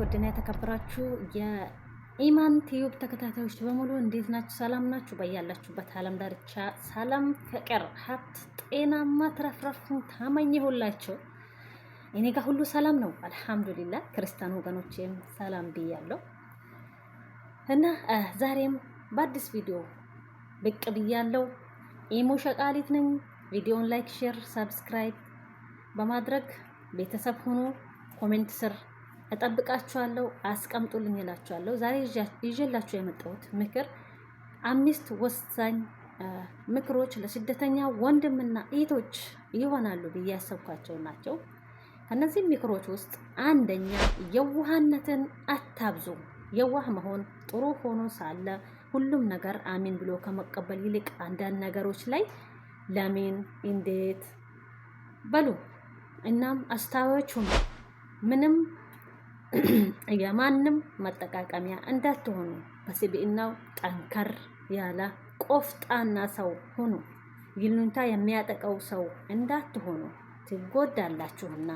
ውድና የተከበራችሁ የኢማን ቲዩብ ተከታታዮች በሙሉ እንዴት ናችሁ? ሰላም ናችሁ? በያላችሁበት ዓለም ዳርቻ ሰላም፣ ፍቅር፣ ሀብት፣ ጤናማ ትረፍረፉን ሁላችሁ እኔ ጋር ሁሉ ሰላም ነው አልሐምዱሊላ። ክርስቲያን ወገኖቼም ሰላም ብያለሁ እና ዛሬም በአዲስ ቪዲዮ ብቅ ብያለሁ። ኢሞ ሸቃሊት ነኝ። ቪዲዮን ላይክ፣ ሼር፣ ሰብስክራይብ በማድረግ ቤተሰብ ሆኖ ኮሜንት ስር እጠብቃችኋለሁ፣ አስቀምጡልኝ እላችኋለሁ። ዛሬ ይዤላችሁ የመጣሁት ምክር አምስት ወሳኝ ምክሮች ለስደተኛ ወንድምና እህቶች ይሆናሉ ብዬ ያሰብኳቸው ናቸው። ከነዚህ ምክሮች ውስጥ አንደኛ የዋህነትን አታብዙ። የዋህ መሆን ጥሩ ሆኖ ሳለ ሁሉም ነገር አሚን ብሎ ከመቀበል ይልቅ አንዳንድ ነገሮች ላይ ለምን እንዴት በሉ። እናም አስታዋዮች ሁኑ። ምንም የማንም መጠቃቀሚያ እንዳትሆኑ በስብዕናው ጠንከር ያለ ቆፍጣና ሰው ሁኑ። ይሉንታ የሚያጠቀው ሰው እንዳትሆኑ ትጎዳላችሁና።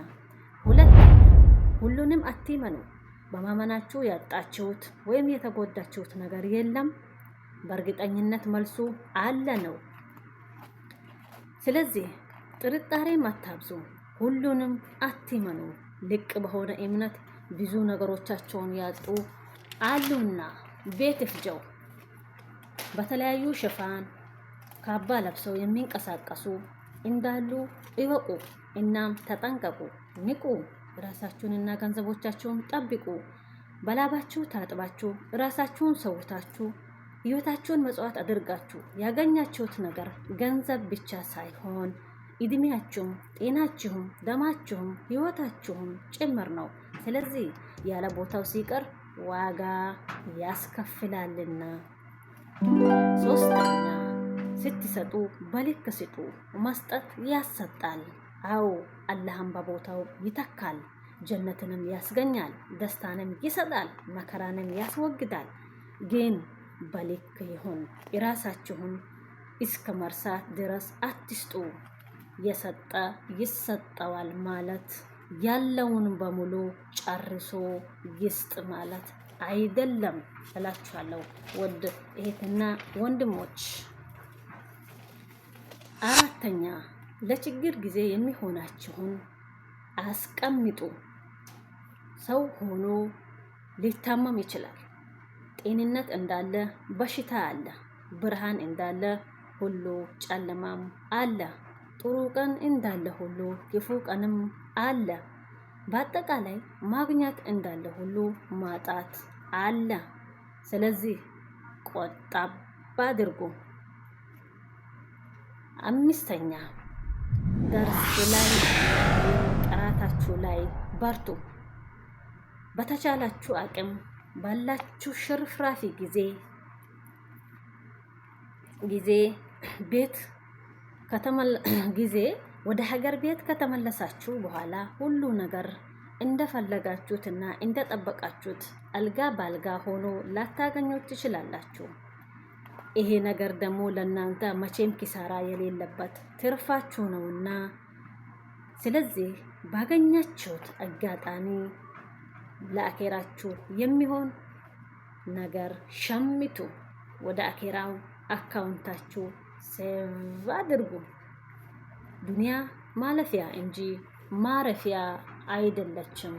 ሁለት ሁሉንም አትመኑ። በማመናችሁ ያጣችሁት ወይም የተጎዳችሁት ነገር የለም። በእርግጠኝነት መልሱ አለ ነው። ስለዚህ ጥርጣሬም አታብዙ፣ ሁሉንም አትመኑ። ልቅ በሆነ እምነት ብዙ ነገሮቻቸውን ያጡ አሉና ቤት ፍጀው በተለያዩ ሽፋን ካባ ለብሰው የሚንቀሳቀሱ እንዳሉ እወቁ እናም ተጠንቀቁ፣ ንቁ፣ ራሳችሁንና ገንዘቦቻችሁን ጠብቁ። በላባችሁ ታጥባችሁ ራሳችሁን ሰውታችሁ ህይወታችሁን መጽዋት አድርጋችሁ ያገኛችሁት ነገር ገንዘብ ብቻ ሳይሆን እድሜያችሁም፣ ጤናችሁም፣ ደማችሁም፣ ህይወታችሁም ጭምር ነው። ስለዚህ ያለ ቦታው ሲቀር ዋጋ ያስከፍላልና። ሶስተኛ ስትሰጡ በልክ ስጡ፣ መስጠት ያሰጣል። አዎ አላህም በቦታው ይተካል፣ ጀነትንም ያስገኛል፣ ደስታንም ይሰጣል፣ መከራንም ያስወግዳል። ግን በልክ ይሁን። የራሳችሁን እስከ መርሳት ድረስ አትስጡ። የሰጠ ይሰጠዋል ማለት ያለውን በሙሉ ጨርሶ ይስጥ ማለት አይደለም እላችኋለሁ። ወድ እህትና ወንድሞች፣ አራተኛ ለችግር ጊዜ የሚሆናችሁን አስቀምጡ። ሰው ሆኖ ሊታመም ይችላል። ጤንነት እንዳለ በሽታ አለ። ብርሃን እንዳለ ሁሉ ጨለማም አለ። ጥሩ ቀን እንዳለ ሁሉ ክፉ ቀንም አለ። በአጠቃላይ ማግኘት እንዳለ ሁሉ ማጣት አለ። ስለዚህ ቆጣ አድርጉ። አምስተኛ ደርስ ላይ ጥራታችሁ ላይ በርቱ። በተቻላችሁ አቅም ባላችሁ ሽርፍራፊ ጊዜ ጊዜ ቤት ጊዜ ወደ ሀገር ቤት ከተመለሳችሁ በኋላ ሁሉ ነገር እንደፈለጋችሁትና እንደጠበቃችሁት አልጋ በአልጋ ሆኖ ላታገኙት ትችላላችሁ። ይሄ ነገር ደግሞ ለእናንተ መቼም ኪሳራ የሌለበት ትርፋችሁ ነውና፣ ስለዚህ ባገኛችሁት አጋጣሚ ለአኬራችሁ የሚሆን ነገር ሸምቱ። ወደ አኬራው አካውንታችሁ ሴቭ አድርጉ። ዱንያ ማለፊያ እንጂ ማረፊያ አይደለችም።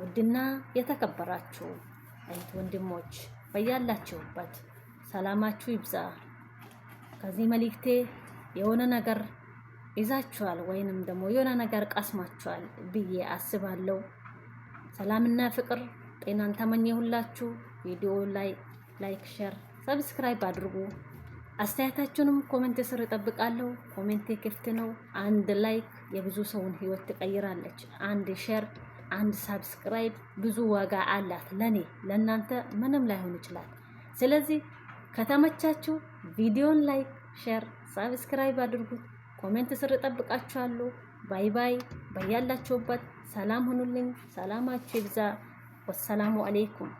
ውድና የተከበራችሁ እህት ወንድሞች በያላችሁበት ሰላማችሁ ይብዛ። ከዚህ መልእክቴ የሆነ ነገር ይዛችኋል ወይንም ደግሞ የሆነ ነገር ቀስማችኋል ብዬ አስባለሁ። ሰላምና ፍቅር ጤናን ተመኘሁላችሁ። ቪዲዮ ላይ ላይክ፣ ሼር፣ ሰብስክራይብ አድርጉ። አስተያየታችሁንም ኮሜንት ስር እጠብቃለሁ። ኮሜንት ክፍት ነው። አንድ ላይክ የብዙ ሰውን ህይወት ትቀይራለች። አንድ ሼር፣ አንድ ሳብስክራይብ ብዙ ዋጋ አላት ለኔ፣ ለእናንተ ምንም ላይሆን ይችላል። ስለዚህ ከተመቻችሁ ቪዲዮን ላይክ፣ ሼር፣ ሳብስክራይብ አድርጉት። ኮሜንት ስር እጠብቃችኋለሁ። ባይ ባይ። በያላችሁበት ሰላም ሁኑልኝ። ሰላማችሁ ይብዛ። ወሰላሙ አሌይኩም